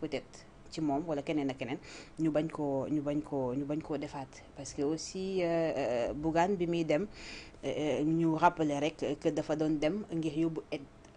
peut-être ci moom wala keneen ak keneen ñu bañ koo ñu bañ koo ñu bañ koo defaat parce que aussi euh, euh, Bougane bi muy dem euh, ñu rappeler rek que dafa doon dem ngir yóbbu aide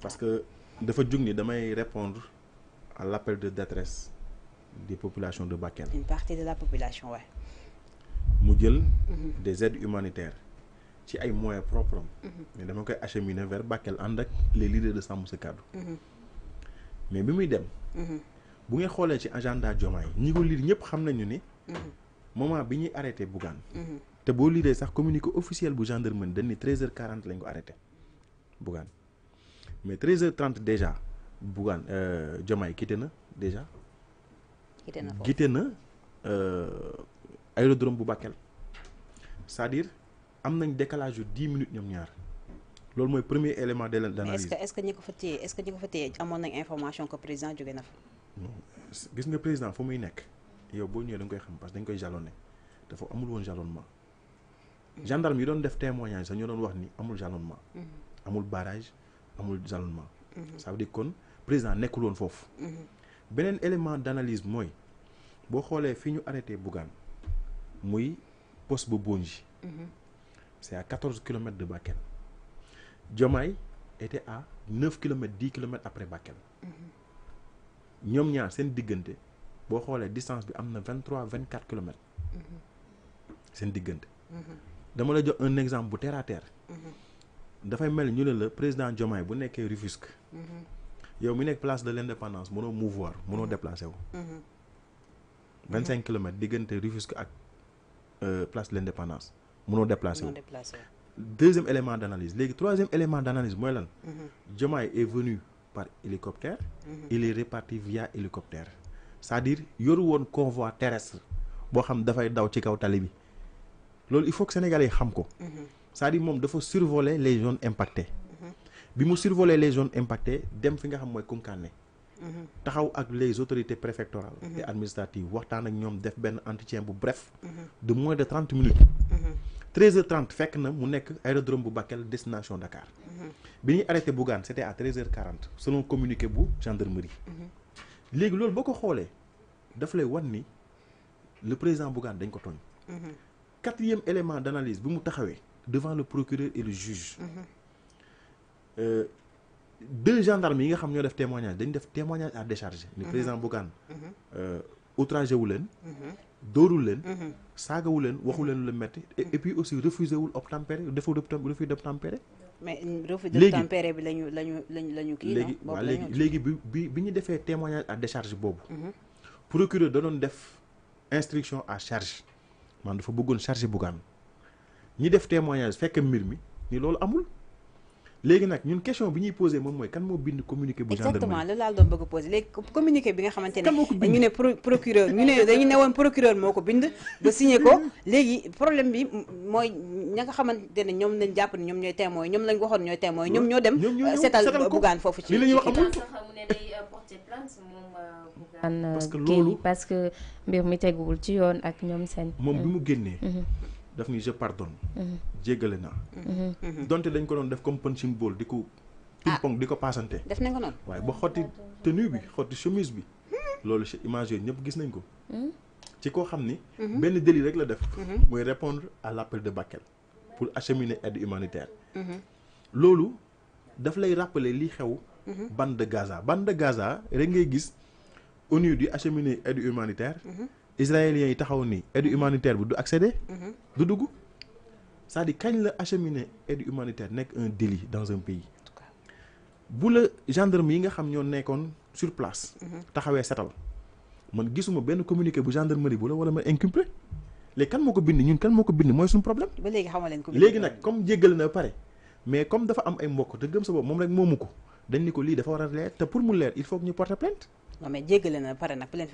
parce que de fait répondre à l'appel de détresse des populations de Bakel. une partie de la population oui. mu mhm. des aides humanitaires des moyens propres mhm. mais acheminer vers Bakel les leaders de mhm. mais bi agenda ko lire que xam nañu ni. moment arrêté Bougane. te communiqué officiel bu 13h40 mais 13h30 déjà Bougane euh, Diomaye quitté na déjà. quitté na quitté na euh, aérodrome Boubakel. c'est-à-dire a un décalage de 10 minutes C'est le premier élément de l'analyse. mais est-ce que est-ce que ñi que le président a fait Non. nañ information que président jóge na fa. nga président fu muy nekk yow boo ñëwee da nga koy xam parce que dañ koy jalonné dafa amul ils jalonnement. Mm-hmm. gendarme yi doon def témoignage sax ñoo doon wax ni amul jalonnement. Mm-hmm. barrage amul un mhm. ça veut dire que le président nekul won a mhm. benen élément d'analyse moy bo xolé arrêté bougan moi poste bu mhm. c'est à 14 km de bakel jomay était à 9 km 10 km après bakel ñom ñaar sen digënté bo xolé distance bi amna 23 24 km c'est digënté dama un exemple de terre à terre dafay mel ñu ne la président Diomaye bu nekkee Rufisque. Mhm. yow mi nekk place de l'indépendance. indépendance mënoo mouvoir mënoo mhm. déplacé wu. 25 mhm. kilomètres diggante Rufisque ak euh, place de l' indépendance mënoo déplacé wu. deuxième élément d'analyse. analyse troisième élément d'analyse, analyse mooy lan. Diomaye est venu par hélicoptère. il est reparti via hélicoptère. c'est-à-dire yoru woon convoi terrestre boo xam dafay daw ci kaw tali bi loolu il faut que sénégalais yi xam ko c'est-à-dire mom dafa survoler les zones impactées mhm. bi mu survoler les zones impactées dem fi nga xam mooy Koungkané mhm. taxaw ak les autorités préfectorales mhm. et administratives waxtaan ak ñoom def benn entretien bu bref de moins de 30 minutes 13h30, fekk na mu nekk aérodrome bu Bakel destination Dakar bi ñuy arrêté Bougane c'était à 13h40, selon communiqué bu gendarmerie léegi loolu boo ko xoolee daf lay wan le président Bougane dañ ko tooñ quatrième élément d'analyse bi mu taxawee devant le procureur et le juge. Mhm. Euh, deux gendarmes yi nga xam des def témoignage dañ def témoignage à décharge. Le mhm. président Bougane. Mhm. Euh, outragé wu Doroulen, Saga Oulen, saagawu leen waxu et puis aussi refusé d'obtempérer, Refusé deful refus d'obtempérer. mais refusé d'obtempérer bi lañu lañu lañu lañu kii léegi waaw léegi léegi témoignage à décharge le procureur a doon def instruction à charge man faut charger Bougane. ñi def témoignage fekk mbir mi ni loolu amul léegi nag ñun question bi ñuy posé moom mooy kan moo bind communiqué bu gendarmerie exactement loolu laa doon bëgg a posé léegi dañu ne woon procureur moo ko bind ba signé ko léegi problème bi mooy ña nga xamante ne ñoom lañ jàpp ne ñoom ñooy témoin ñoom lañ waxoon ñooy témoin ñoom ñoo dem seetal bugaan foofu ci li la amul euh, euh, euh, loolu parce que mbir mi teguwul ci yoon ak ñoom seen moom bi mu génnee mhm. daf ni je pardonne. Mhm. jéggale naa. Mhm. donte dañ ko don def comme punching symbole, diko ping pong diko passanté def nañ ko non way ba xoti tenue bi xoti chemise bi. lolu ci image ñep gis nañ ko. Mhm. ci ko xamni ben délit rek la def. moy répondre à l'appel de Bakel pour acheminer aide humanitaire. lolu daf lay rappeler li xew. bande de Gaza bande de Gaza rek ngay gis ONU di acheminer aide humanitaire israéliens yi taxaw ni aide mhm. humanitaire bi du accéder. Mhm. du dugg c'est-à-dire kañ la acheminer aide humanitaire nekk un délit dans un pays. bu la gendarme yi sur place. Mhm. taxawee setal man gisuma benn communiqué bu gendarmerie bu wala ma kan bind ñun kan bind problème. ba comme na mais comme dafa am ay mbokk te gëm sa pour il faut que ñu porter plainte non mais jéggale na plein plein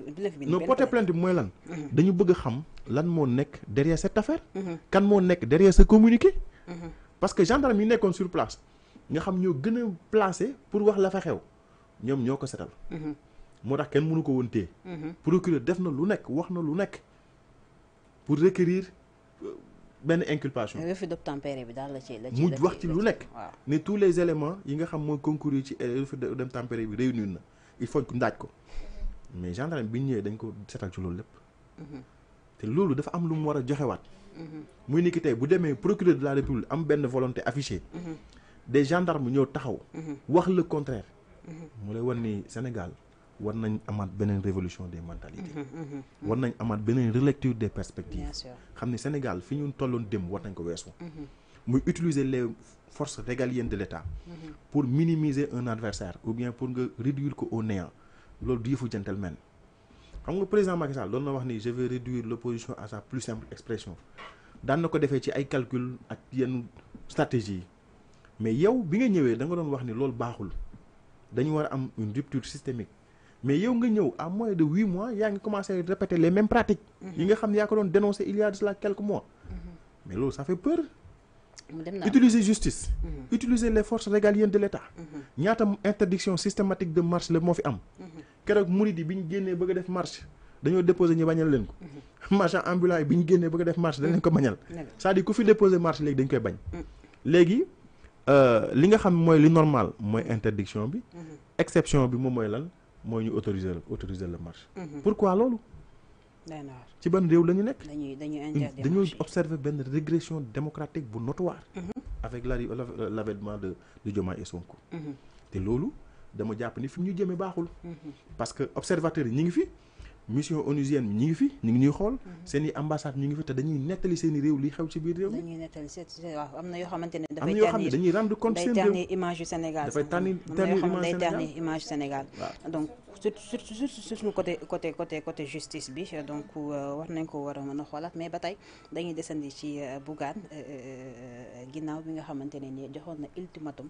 non porter plainte lan. Mhm. dañu derrière cette affaire. Mhm. kan derrière ce communiqué. Mhm. parce que gendarme yi sur place nga xam ñoo gëna pour wax la fa xew ñom ñoko sétal mënu ko procureur def na pour requérir une euh, inculpation. refus wax ci lu tous les éléments yi nga xam ci euh, bi il faut daaj ko mais gendarme bi ñëwee dañ ko setal ci loolu lépp mhm. te loolu dafa am lu mu war a joxewaat mhm. muy ni ki bu demee procureur de la république am benn volonté affichée mhm. des gendarmes ñëw taxaw wax le contraire mu lay wan ni Sénégal war nañ amaat une révolution des mentalités war nañ amaat une relecture des perspectives xam Sénégal fi ñu tollon dem war nañ ko mais utiliser les forces régaliennes de l'État mhm. pour minimiser un adversaire ou bien pour réduire au néant loolu du gentleman Quand le président Macky Sall a dit je vais réduire l'opposition à sa plus simple expression Il na fait des ci ay calcul stratégie mais yow bi nga ñëwee da nga doon wax ni loolu baaxul dañu am une rupture systémique mais yow nga ñëw à moins de huit mois yaa ngi commencé répéter les mêmes pratiques. Mhm. yi nga xam ne yaa ko dénoncer il y a quelques mois. Mhm. mais ça fait peur utiliser justice mhm. utiliser les forces régaliennes de l'État mhm. ñaata interdiction systématique de marche le mo fi am mhm. keroog mouride biñu bi bëgg def marche dañu déposer ñu bañal leen ko marchand ambulant biñu bi bëgg def marche dañ leen ko bañal c'est-à-dire ku fi déposer marche légui dañ koy bañ euh li nga xam moy li normal moy interdiction bi exception bi moom moy lan moy ñu autoriser autoriser le marche pourquoi loolu ci ban réew la ñu nekk. dañuy dañuy hmm. observer ben régression démocratique bu notoire. Mhm. avec l'avènement de de Diomaye et Sonko. Mhm. te loolu dama japp ni fi mu ñu mhm. parce que observateur ñi ngi fi mission onusienne ñi ngi fi ñu ngi ñuy xool mhm. seen i ambassade ñu ngi fi te dañuy nettali seen i réew li xew ci biir réew dañuy nettali seen waaw am na yoo xamante ne dafay tànn dañuy rendre compte seen réew day tànn image yu Sénégal dafay tànn day tànn image Sénégal donc surtout surtout suñu côté côté côté côté justice bi donc euh, war nañ ko war a mën a xoolaat mais ba tey dañuy desandi ci euh, Bougane euh, ginnaaw bi nga xamante ne ni joxoon na ultimatum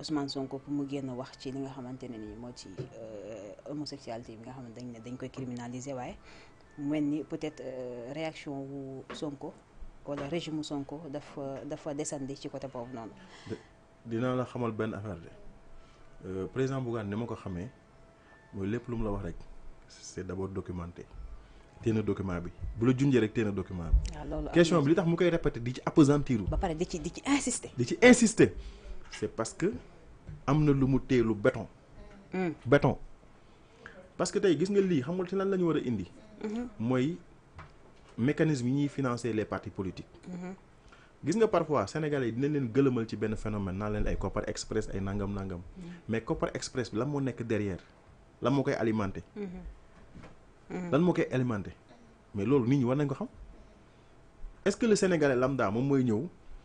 Ousmane Sonko pour mu guen wax ci li nga xamantene ni mo ci euh homosexualité bi nga xamante ne dañ koy criminaliser waye melni peut-être euh, réaction wu Sonko wala régime Sonko dafa dafa desandi ci côté boobu noonu. dinaa la xamal ben affaire de euh, président Bougane ni ma ko xamé moy lepp lu mu la wax rek c'est d'abord documenté. téena document bi bu la junjee rek téena document bi. Ah, question bi li tax mu koy répéter di ci appesantir. ba paré di ci di ci insister. di ci insister c'est parce que amna lu mu teelu béton. Hmm. béton parce que tay gis nga li xam ci lan lañu wara indi. Hmm. mooy mécanisme yi ñuy financer les partis politiques. Hmm. gis nga parfois sénégalais dinañ leen gëlëmal ci benn phénomène nan leen ay Kopar Express ay nangam nangam. mais Kopar Express bi lan moo nekk derrière lan mo koy alimenté. lan mo koy alimenter mais loolu nit ñi war nañ ko xam est-ce que le sénégalais lambda moom mooy ñëw.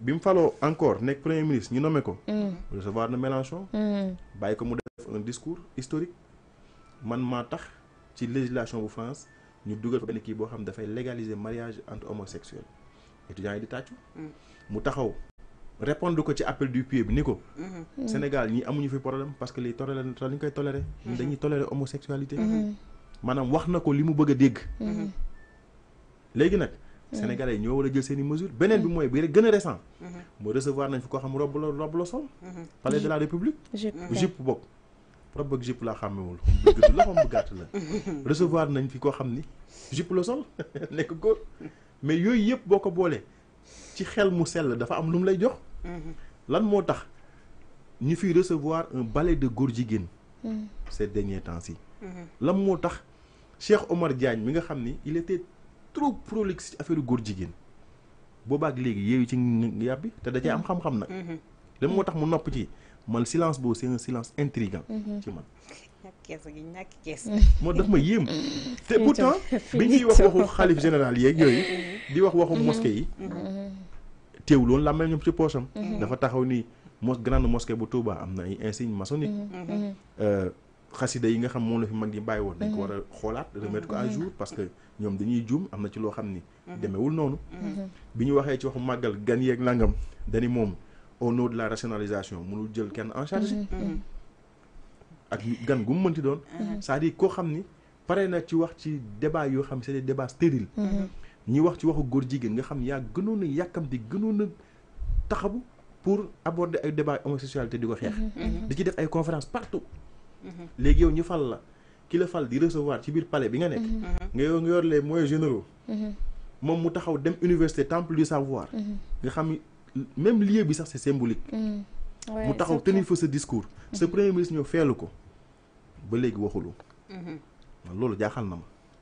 bim falo encore nek premier ministre ñu nommé ko. Mm. recevoir na Mélenchon. Mm. bay ko mu def un discours historique man ma tax ci législation bu France ñu duggal ben ki bo xam da fay légaliser mariage entre homosexuel étudiant yi di tàccu. Mm. mu taxaw répondre ko ci appel du pied bi ni ko. Mm-hmm. Sénégal ñi amuñu fi problème parce que liy toléré la ñu koy toléré. Mm-hmm. dañuy toléré homosexualité. manam mm-hmm. wax na ko li mu bëgg dégg. léegi nag. Sénégalais ñoo war a jël seen mesures beneen bi mooy bi gën a récent. recevoir nañ fi xam palais de la république. jupe rob ak jupe laa xàmmewul la bu gàtt la. recevoir nañ fi xam ni sol mais yooyu yëpp boo ko ci xel mu dafa am lu recevoir un ballet de góor mm. ces derniers temps ci mm-hmm. lan Cheikh Omar Diagne il était. trop prolixe ci affaire góor jigéen boobaak léegi yeeyu ci yàbbi te da cee am mm-hmm. xam-xam nag. Mm-hmm. lan moo mm-hmm. tax mu nopp ci man silence boobu seen silence intrigant ci man. ñàkk kees gi ñàkk moo daf ma yéem te pourtant bi ñuy wax waxu xalif général yeeg yooyu di wax waxu mosquée yi teewul woon làmmeñ ñoom ci poosam dafa taxaw ni mos grande mosquée bu Touba am na ay insigne maçonnique euh, xasida yi nga xam moom la fi mag ñi bàyyi woon dañ war a xoolaat remettre ko à jour parce que ñom dañuy juum amna ci lo xamni déméwul mhm. demewul nous mhm. waxé ci waxu magal gan nous nangam dañi au nom de la rationalisation mënul jël kenn en charge mhm. ak gan gum mënti doon c'est-à-dire ni na ci wax ci débat yo xam c'est des débats stériles ñi wax ci waxu gor nga xam pour aborder ay débat homosexualité di Il y di ci def ay conférences partout yow fal la qu'il le recevoir ci palais bi nga mhm. Mhm. nga les moyens généraux. Mhm. dem université temple du savoir. même lieu c'est symbolique. mu taxaw tenir ce discours. Ce premier ministre fait. feelu ko ba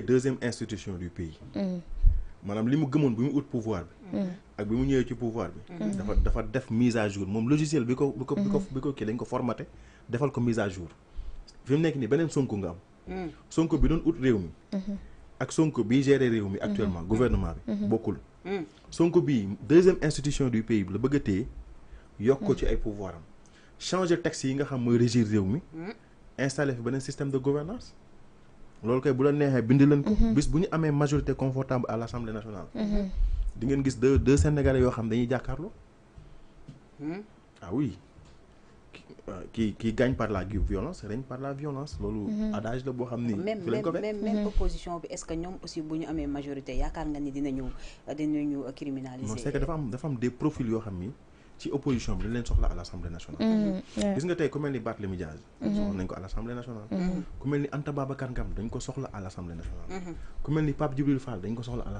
deuxième institution du pays. Mm. Madame li mu gëmoon bi mu pouvoir bi. Mm. ak bi mu pouvoir bi. Mm. dafa dafa def mise à jour Mon logiciel bi ko. bi ko bi ko kii mise à jour fi mu nekk nii beneen sonko nga am. sonko bi doon ut réew mi. Mm-hmm. ak bi gérer réew mi actuellement mm-hmm. gouvernement Beaucoup. Mm-hmm. Son sonko bi deuxième institution du pays le la bëgg a yok ko ci ay pouvoir changer texte yi nga xam moy régir réew mi installer fi benen système de gouvernance loolu kay bu la neexee bind leen ko. Mhm. bis bu ñu amee majorité confortable à l' assemblée nationale. Mhm. di ngeen gis deux deux sénégalais yoo xam dañuy jàkkaarloo. Hmm? ah oui qui qui euh, gagne par la violence règne par la violence. loolu mhm. adage la boo xam ni. ko même même même opposition bi est ce que ñoom aussi bu ñu amee majorité yaakaar nga ni dinañu dinañu criminaliser. non c' est que dafa am dafa am des profils yoo xam ni. ci opposition bi dañ leen soxla à l'Assemblée nationale. Mm-hmm, ku mel ni Barthélémy Dias. Mm-hmm. soxla nañ ko à mm-hmm. dañ ko soxla à l'Assemblée nationale. ku mel ni Pape Djibril Fall dañ ko soxla ko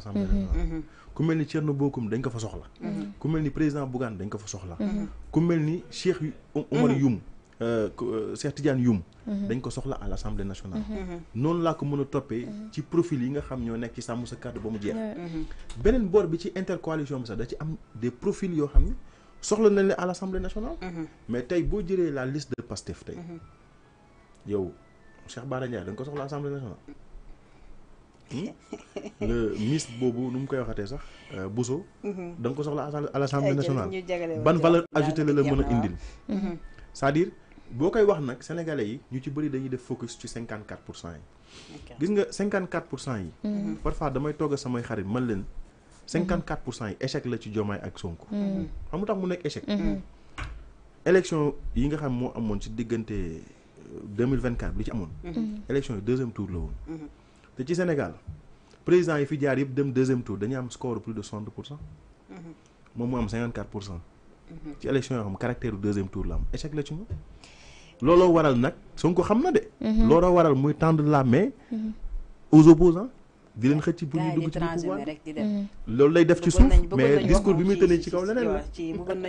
fa soxla. ku mel ni président Bougane dañ ko fa soxla. ku mel ni Cheikh Oumar Youm. Euh, euh, Cheikh Tidiane Youm. dañ ko soxla à l'Assemblée nationale. noonu laa ko mën toppee ci profil yi nga xam ñoo nekk ci sàmm sa kàddu ba mu jeex. beneen boor bi ci intercoalition bi sax da ci am des profils yoo xam ne. soxla nañ la à l'Assemblée nationale. Mhm. mais tey boo jëlee la liste de Pastef tey. Mhm. yow Cheikh Bara Ndiaye da nga ko soxla assemblée nationale. Hmm? le Miss boobu nu mu koy waxatee sax euh, Bousso. Mhm. da nga ko soxla à l' assemblée nationale ban valeur ajoutée la la mën a indil. c'est-à-dire boo koy wax nag sénégalais yi ñu ci bëri dañuy def focus ci 54% quatre pour cent yi. gis nga 54% pour cent yi. parfois damay togg samay xarit man leen. 54 yi échec la ci jomay ak Sonko. Mm-hmm. Mm-hmm. xam tax mu nek échec. Mm-hmm. élection yi nga xam moo amoon ci diggante 2024 euh, li ci amoon. élection yi deuxième tour la woon. te ci Sénégal président yi fi jaar yëpp dem deuxième tour dañuy am score plus de 60 pour cent. moom mu am 54 pour ci élection yoo xam caractère deuxième tour la am échec la ci moom. looloo waral nag Sonko xam na de. looloo waral muy tendre la main aux opposants di leen xëcc pour ñu dugg ci biir pouvoir loolu lay def ci suuf mais discours bi muy tënee ci kaw leneen la